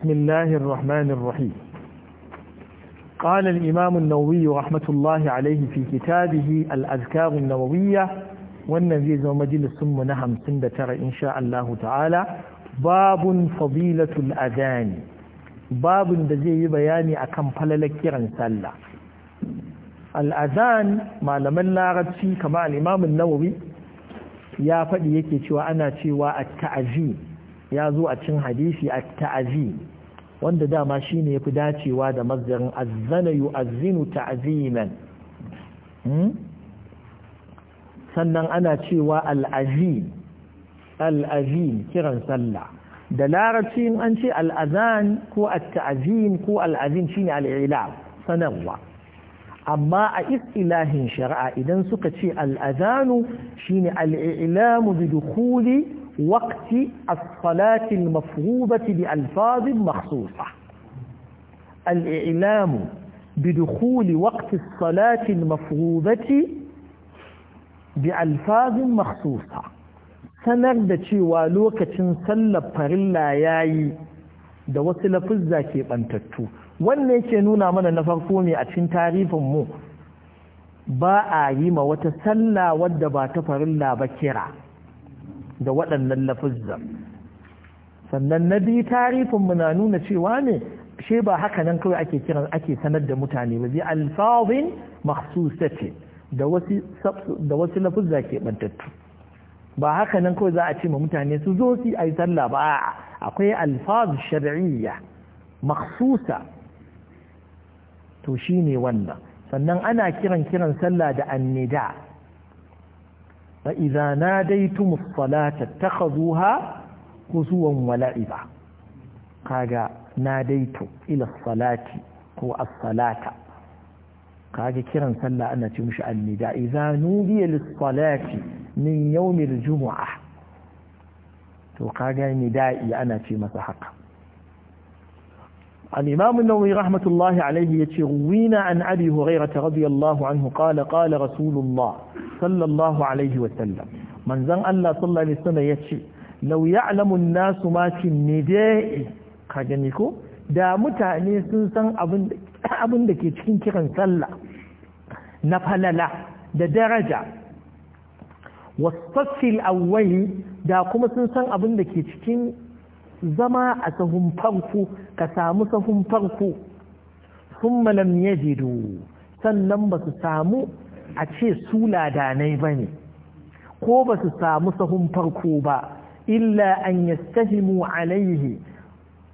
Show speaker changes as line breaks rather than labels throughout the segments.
بسم الله الرحمن الرحيم قال الإمام النووي رحمة الله عليه في كتابه الأذكار النووية والنزيز ومجلس ثم نهم سند ترى إن شاء الله تعالى باب فضيلة الأذان باب دزي بياني أكم فللكيرا سلا الأذان ما لمن لا رد فيه كما الإمام النووي يا فدي يكي شوى أنا شوى التعزيم ya zo a cin hadisi a ta'azi wanda dama shine yafi dacewa da mazarin azzana yu'azzinu ta'ziman hmm? sannan ana cewa al'azin al'azim kiran sallah da larabci in an ce al'azan ko at-ta'zim ko shi shine al'ila sanarwa amma a istilahin shari'a idan suka ce al'azanu shine al'ilamu bi dukhuli وقت الصلاة المفروضة بألفاظ مخصوصة الإعلام بدخول وقت الصلاة المفروضة بألفاظ مخصوصة sanar da cewa lokacin sallar farilla ya yi da wasu lafuzza ke ɓantattu wannan yake nuna mana na farko ne a cikin tarifinmu ba a yi ma wata sallah wadda ba ta farilla ba kira da waɗannan lafuzza sannan na biyu tarifinmu na nuna cewa ne she ba haka nan kawai ake kiran ake sanar da mutane ba bi alfazin makhsusati da wasu da wasu lafuzza ke bantattu ba haka nan kawai za a ce ma mutane su zo su yi sallah ba akwai alfaz shar'iyya makhsusa to shine wannan sannan ana kiran kiran sallah da annida fa idza nadaytum as-salata takhuduha huzuwan wa la'iba kaga nadaitu ila salati ko asalata kaga kiran sallah ana ce mishi annida idza nudiya lis-salati min yawmil jumu'ah to kaga nida'i ana ce masa haka الإمام النووي رحمة الله عليه يتروينا عن أبي هريرة رضي الله عنه قال قال رسول الله صلى الله عليه وسلم من زن الله صلى الله عليه وسلم يتشي لو يعلم الناس ما في النداء كاجنيكو دا متعني سنسان أبن دكي تشكين كيران صلى نفل لا دا درجة والصف الأول دا كما سنسان أبن دكي تشكين zama a sahun farko ka samu sahun farko sun malam ya sannan ba su samu a ce su ladanai ba ne ko ba su samu sahun farko ba illa an yastahimu alaihi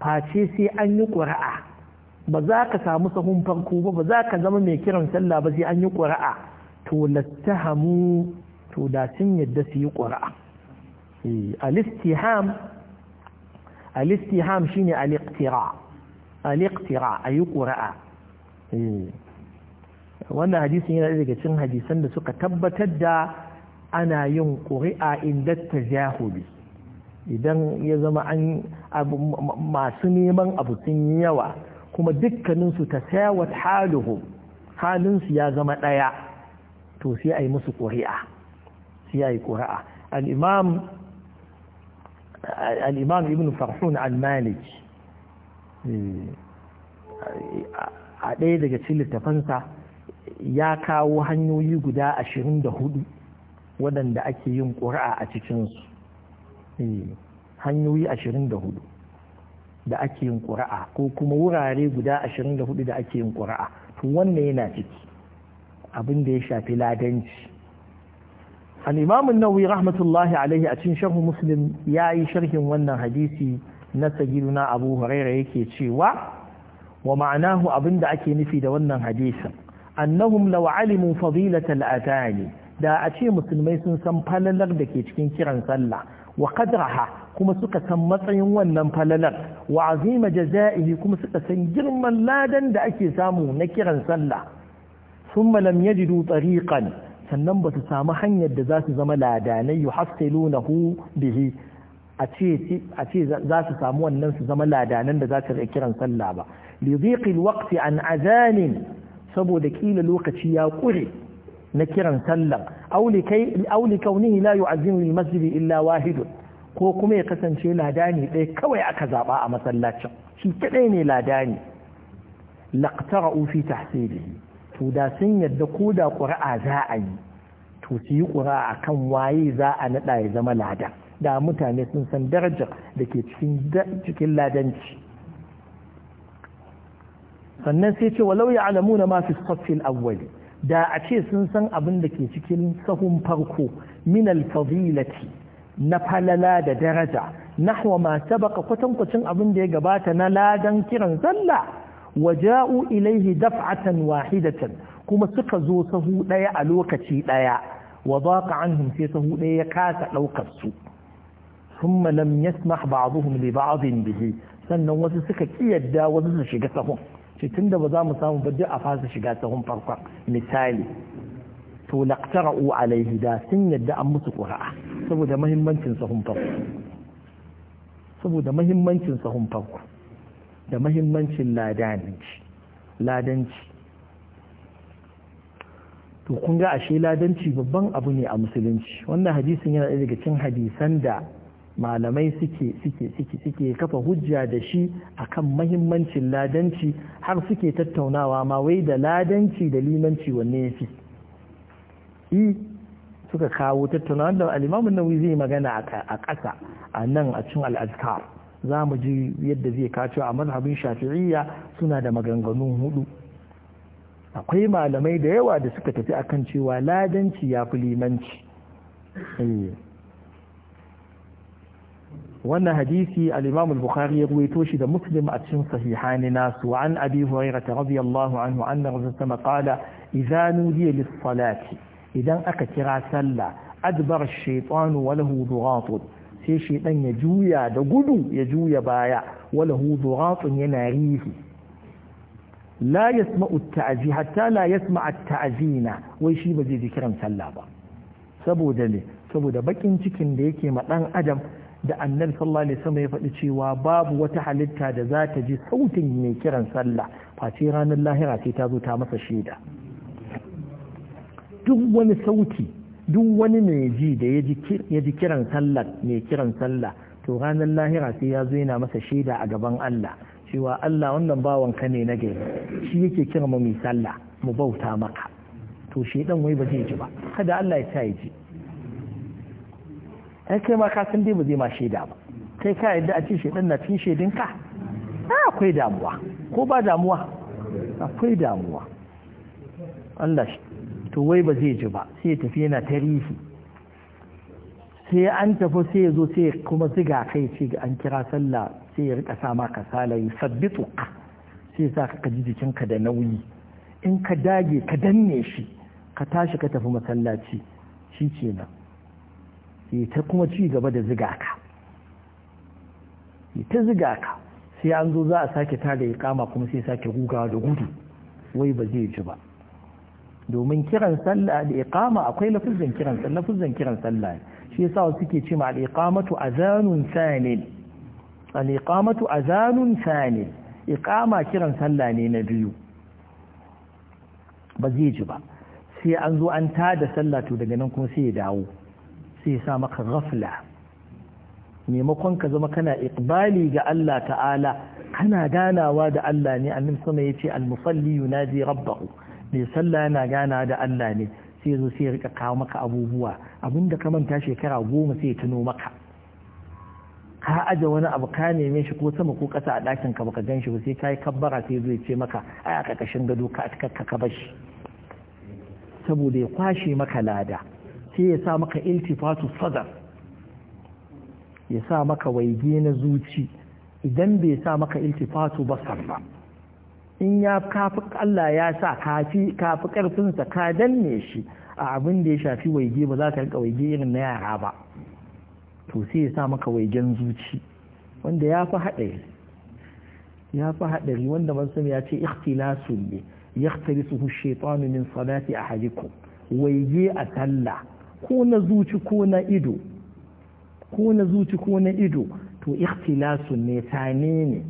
face sai an yi ƙura'a ba za ka samu sahun farko ba ba za ka zama mai kiran sallah ba sai an yi ƙura'a to lattahamu to da sun yadda su yi ƙura'a eh, al shine al-iqtira al-iqtira ayi qura'a wannan hadisin yana daga cikin hadisan da suka tabbatar da ana yin qur'a inda tajahuli idan ya zama masu neman abu sun yawa kuma dukkaninsu ta sayawat haluhu halinsu ya zama ɗaya to sai ayi musu kuri'a sai a yi ƙuri'a al'imam الإمام ibn farhun al-malik a ɗaya daga cikin littafansa ya kawo hanyoyi guda ashirin da hudu waɗanda ake yin ƙuri'a a cikinsu hanyoyi da ake yin ƙura'a ko kuma wurare guda ashirin da hudu ake yin ƙuri'a to wannan yana ciki abinda ya shafi ladanci al-imam nawawi rahmatullahi alaihi a cikin sharh muslim yayi sharhin wannan hadisi na sayyiduna abu hurairah yake cewa wa ma'anahu abinda ake nufi da wannan hadisin annahum law alimu fadilata al da a ce musulmai sun san falalar da ke cikin kiran sallah wa qadraha kuma suka san matsayin wannan falalar wa azima jaza'ihi kuma suka san girman ladan da ake samu na kiran sallah thumma lam yajidu tariqan sannan ba su samu hanyar da za su zama ladanai yuhassilunahu bihi a ce za su samu wannan su zama ladanan da za su kiran sallah ba li dhiqil waqti an azanin saboda kila lokaci ya kure na kiran sallah aw li kai la lil masjid illa wahid ko kuma ya kasance ladani ɗaya kawai aka zaba a masallacin shi kadai ne ladani laqtara'u fi tahsilihi to da sun yadda ko da ƙura'a za a yi to su yi ƙura'a kan waye za a naɗa ya zama lada da mutane sun san darajar da ke cikin ladanci sannan sai ce walau ya alamu na mafi sassil awwali da a ce sun san abin da ke cikin sahun farko min alfadilati na falala da daraja nahwa ma sabaka kwatankwacin abin da ya gabata na ladan kiran sallah waja'u ilaihi daf'atan wahidatan kuma suka zo sahu daya a lokaci daya wa daqa anhum sai sahu daya ya kasa daukar su thumma lam yasmah ba'dhum li bihi sannan wasu suka kiyarda wasu su shiga sahun ce tunda ba za mu samu ba duk a fasa shiga sahun farkon misali to laqtara'u alaihi da sun yadda an musu qura'a saboda sahun farko da mahimmancin ladanci ladanci to kun ga ashe ladanci babban abu ne a musulunci wannan hadisin yana daga cikin hadisan da malamai suke suke suke suke kafa hujja da shi akan mahimmancin ladanci har suke tattaunawa ma wai da ladanci da limanci wanne yafi i suka kawo tattaunawa da al-Imam an-Nawawi zai magana a ƙasa a nan a cikin al-Azkar za mu ji yadda zai kacewa a mazhabin shafi'iyya suna da maganganun hudu akwai malamai da yawa da suka tafi akan cewa ladanci ya fi limanci eh. wannan hadisi al-imam al-bukhari ya ruwaito shi da muslim a cikin sahihani nasu an abi hurairah radiyallahu anhu anna rasulullah qala idza nudiya lis-salati idan aka kira sallah adbar ash-shaytanu wa lahu shi dan ya juya da gudu ya juya baya wala hu zuratun yana rihi la yasma'u ta'zi hatta la yasma'a ta'zina wai shi ba zai ji kiran sallah ba saboda ne saboda bakin cikin da yake ma dan adam da annabi sallallahu alaihi wasallam ya faɗi cewa babu wata halitta da za ta ji sautin mai kiran sallah face ranar lahira sai ta zo ta masa shaida duk wani sauti duk wani mai ji da ya ji kiran sallah mai kiran sallah to ranar lahira sai ya zo yana masa shaida a gaban Allah cewa Allah wannan bawan ka ne na gari shi yake kira mu mai sallah mu bauta maka to shaidan wai ba zai ji ba kada Allah ya ta ya ji ai kai ma ka san dai ba zai ma shaida ba kai ka yadda a ce shaidan na cikin shaidin ka akwai damuwa ko ba damuwa akwai damuwa Allah shi to wai ba zai ji ba sai tafi yana tarihi sai an tafi sai ya zo sai kuma ziga kai ce an kira sallah sai ya rika sa maka salayi yi sabbitu sai sa ka kaji jikinka da nauyi in ka dage ka danne shi ka tashi ka tafi masallaci shi kenan sai ta kuma ci gaba da ziga ka sai ta ziga ka sai an zo za a sake tare ya kama kuma sai sake gugawa da gudu wai ba zai ji ba domin kiran sallah al akwai lafuzin kiran sallah lafuzin kiran sallah shi yasa wasu suke cewa al a zanun sanin al a zanun sanin iqama kiran sallah ne na biyu ba zai ji ba sai an zo an tada sallah to daga nan kuma sai ya dawo sai ya sa maka ghafla maimakon ka zama kana iqbali ga Allah ta'ala kana ganawa da Allah ne annabi sama yace al-musalli yunaji rabbahu mai sallah yana gana da Allah ne sai zo sai rika kawo maka abubuwa abinda ka manta shekara goma sai tuno maka ka aje wani abu ka neme shi ko sama ko kasa a ɗakin ka baka gan ba sai ka yi kabbara sai zo ya ce maka ai a ƙarƙashin gado ka ka ka bar shi saboda ya kwashe maka lada sai ya sa maka iltifatu sadar ya sa maka waige na zuci idan bai sa maka iltifatu basar ba in ya kafi Allah ya sa kafi kafi karfinsa ka danne shi a abin da ya shafi waige ba za ka rika waige irin na yara ba to sai ya sa maka waigen zuci wanda ya fi haɗari ya fi haɗari wanda mansum ya ce ikhtilasu ne yakhtalisuhu shaytanu min salati ahadikum waige a talla ko na zuci ko na ido ko na zuci ko na ido to ikhtilasu ne tane ne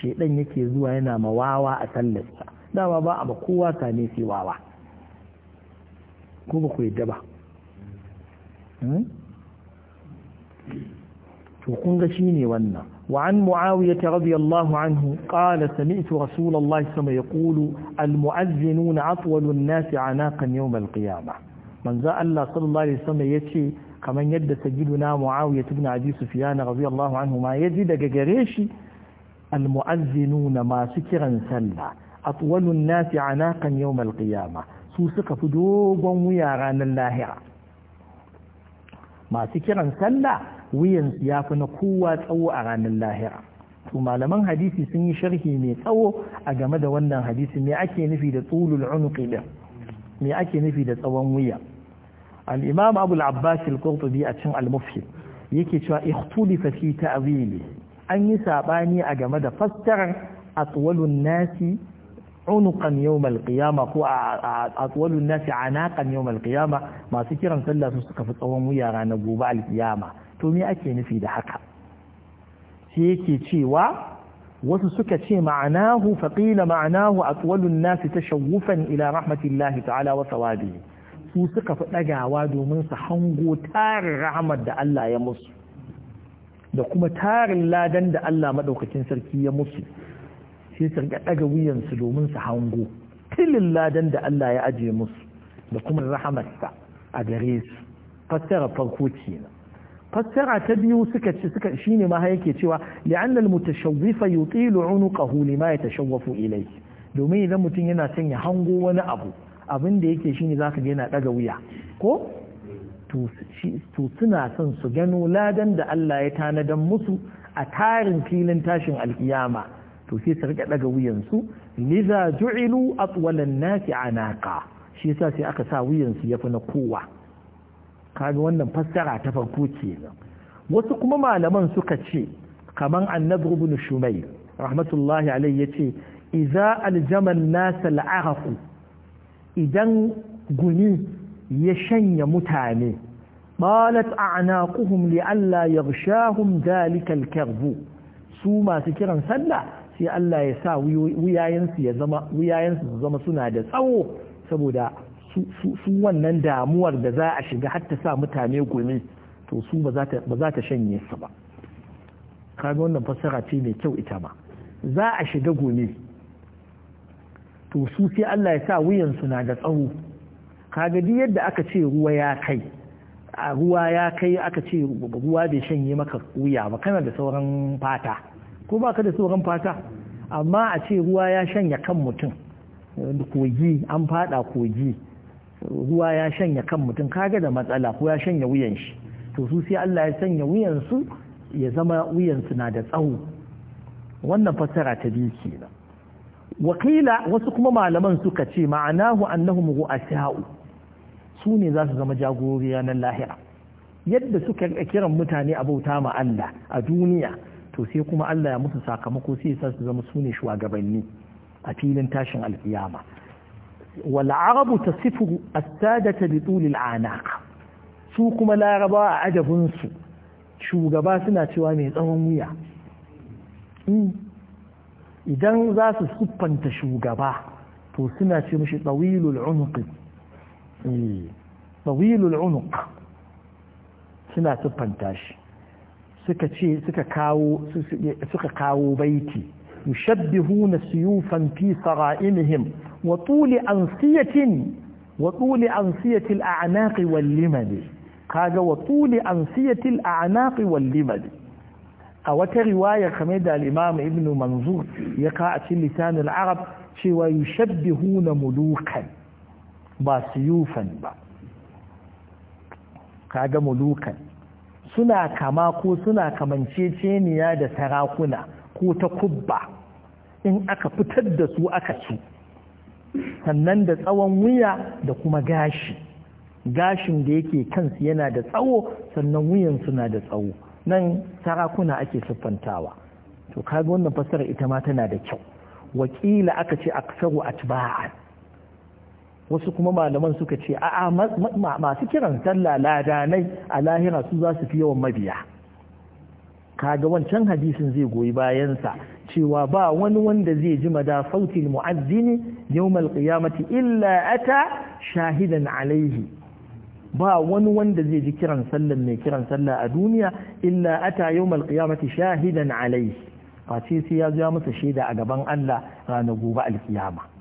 shedan yake zuwa yana mawawa a sallarsa dama ba a ba kowa same sai wawa ko ba ku yadda ba to kun ga shine wannan وعن معاوية رضي الله عنه قال سمعت رسول الله صلى الله عليه وسلم يقول المؤذنون أطول الناس عناقا يوم القيامة من ذا الله صلى الله عليه وسلم يتشي كمن يد سجدنا معاوية بن عدي سفيان رضي الله عنه ما يجد قريشي almu'azzinuna masu kiran sallah atwalun nasi anakan yawmal qiyama su suka fi dogon wuya ranar lahira masu kiran sallah wuyan ya yafi na kowa tsawo a ranar lahira to malaman hadisi sun yi sharhi mai tsawo a game da wannan hadisi me ake nufi da tsulul unqi din ake nufi da tsawon wuya al-imam abul abbas al-qurtubi a cikin al-mufhim yake cewa ikhtulifa fi ta'wili an yi saɓani a game da fassarar aswalun nasi unuqan yawmal qiyama ko atwalun nasi anaqan yawmal qiyama masu kiran sallah su suka fi tsawon wuya ranar gobe alkiyama to me ake nufi da haka sai yake cewa wasu suka ce ma'anahu faqila ma'anahu atwalun nasi tashawufan ila rahmatillahi ta'ala wa sawabihi su suka fi ɗagawa domin su hango tarin rahmat da Allah ya musu da kuma tarin ladan da Allah maɗaukacin sarki ya musu sai su ɗaga wuyansu domin su hango tilin ladan da Allah ya ajiye musu da kuma rahamarsa a gare su fassara farko kenan fassara ta biyu suka ci suka shine ma yake cewa li'anna al-mutashawwifa yutilu 'unuqahu lima yatashawwafu ilayhi domin idan mutum yana son ya hango wani abu abin da yake shine zaka ga yana ɗaga wuya ko to suna son su gano ladan da Allah ya tanadan musu a tarin filin tashin alkiyama to sai su rika daga wuyansu liza ju'ilu atwalan nasi anaka shi yasa sai aka sa wuyansu yafi na kowa kaga wannan fassara ta farko kenan wasu kuma malaman suka ce kaman annabi ibn shumay rahmatullahi alayhi yace idza aljaman nas al'araq idan guni ya shanya mutane balat a'naquhum li alla yaghshahum dhalika al-kadhbu su masu kiran sallah sai Allah ya sa wuyayensu ya zama wuyayensu zama suna da tsawo saboda su wannan damuwar da za a shiga har ta sa mutane gumi to su ba za ta shanye su ba kaga wannan fassara ce mai kyau ita ma za a shiga gumi to su sai Allah ya sa wuyansu na da tsawo kaga duk yadda aka ce ruwa ya kai a ruwa ya kai aka ce ruwa bai shanye maka wuya ba kana da sauran fata ko ba ka da sauran fata amma a ce ruwa ya shanya kan mutum kogi an fada kogi ruwa ya shanye kan mutum kaga da matsala ko ya shanye wuyan shi to su sai Allah ya sanya wuyan su ya zama wuyan su na da tsawo wannan fassara ta biyu kenan wakila wasu kuma malaman suka ce ma'anahu annahum ru'asa'u su ne za su zama jagorori ranar lahira yadda suka kiran mutane a bauta ma Allah a duniya to sai kuma Allah ya musu sakamako sai ya su zama su ne shugabanni a filin tashin alkiyama wal arabu tasifu as-sadata bi tuli anaq su kuma laraba a adabin su shugaba suna cewa mai tsawon wuya hmm. idan za su siffanta shugaba to suna ce mishi tsawilul unqi طويل العنق سنة تبنتاش سكة شيء سكة كاو سكة كاو بيتي يشبهون سيوفا في صغائنهم وطول أنصية وطول أنصية الأعناق واللمد قال وطول أنصية الأعناق واللمد أوت رواية خميدة الإمام ابن منظور يقع في لسان العرب شي ويشبهون ملوكا ba su yufan ba kaga mulukan suna kama ko suna kamanceceniya da sarakuna ko ta kubba in aka fitar da su aka ci sannan da tsawon wuya da kuma gashi gashin da yake kansu yana da tsawo sannan wuyan suna da tsawo nan sarakuna ake siffantawa to kaga wannan fasara ita ma tana da kyau wakila aka ce aksaru atba'an wasu kuma malaman suka ce a'a masu kiran sallah ladanai a lahira su za su fi yawan mabiya kaga wancan hadisin zai goyi bayansa cewa ba wani wanda zai ji mada sautin mu'azzini yawmal qiyamati illa ata shahidan alaihi ba wani wanda zai ji kiran sallan mai kiran sallah a duniya illa ata yawmal qiyamati shahidan alaihi face sai ya zo masa shaida a gaban Allah ranar gobe alkiyama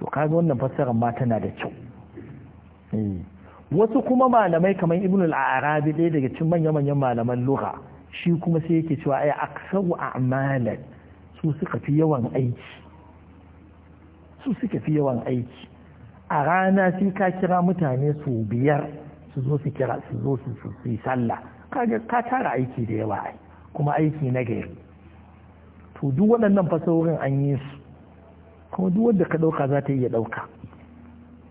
to kaga wannan fassarar ma tana da kyau eh, wasu kuma malamai kamar ibn al-arabi dai daga cikin manya-manyan malaman lugha shi kuma sai yake cewa ay aksaru a'malan su suka fi yawan aiki su suka fi yawan aiki a rana sai ka kira mutane su biyar su zo su kira su zo su su yi sallah kaga ka tara aiki da yawa ai kuma aiki na gari to duk waɗannan fasahohin an yi su kuma duk wanda ka ɗauka za ta iya ɗauka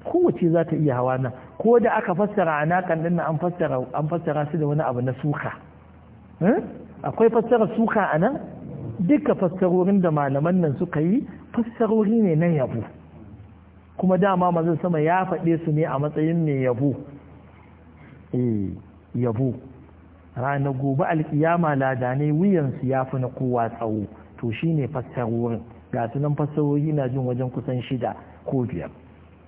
kowace za ta iya hawa nan ko da aka fassara a nakan ɗin an fassara su da wani abu na suka eh? akwai fassara suka a nan duka fassarorin da malaman nan suka yi fassarori ne na yabo kuma dama mazan sama ya faɗe su ne a matsayin mai yabo Rana eh, yabo ranar gobe Alƙiyama ladanai wuyansu ya fi na kowa tsawo to shi ne fassarorin ga sunan fasahohi na jin wajen kusan shida ko biyar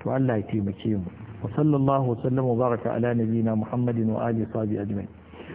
to Allah ya taimake mu wa sallallahu wa sallama baraka ala nabiyina muhammadin wa alihi wa ajma'in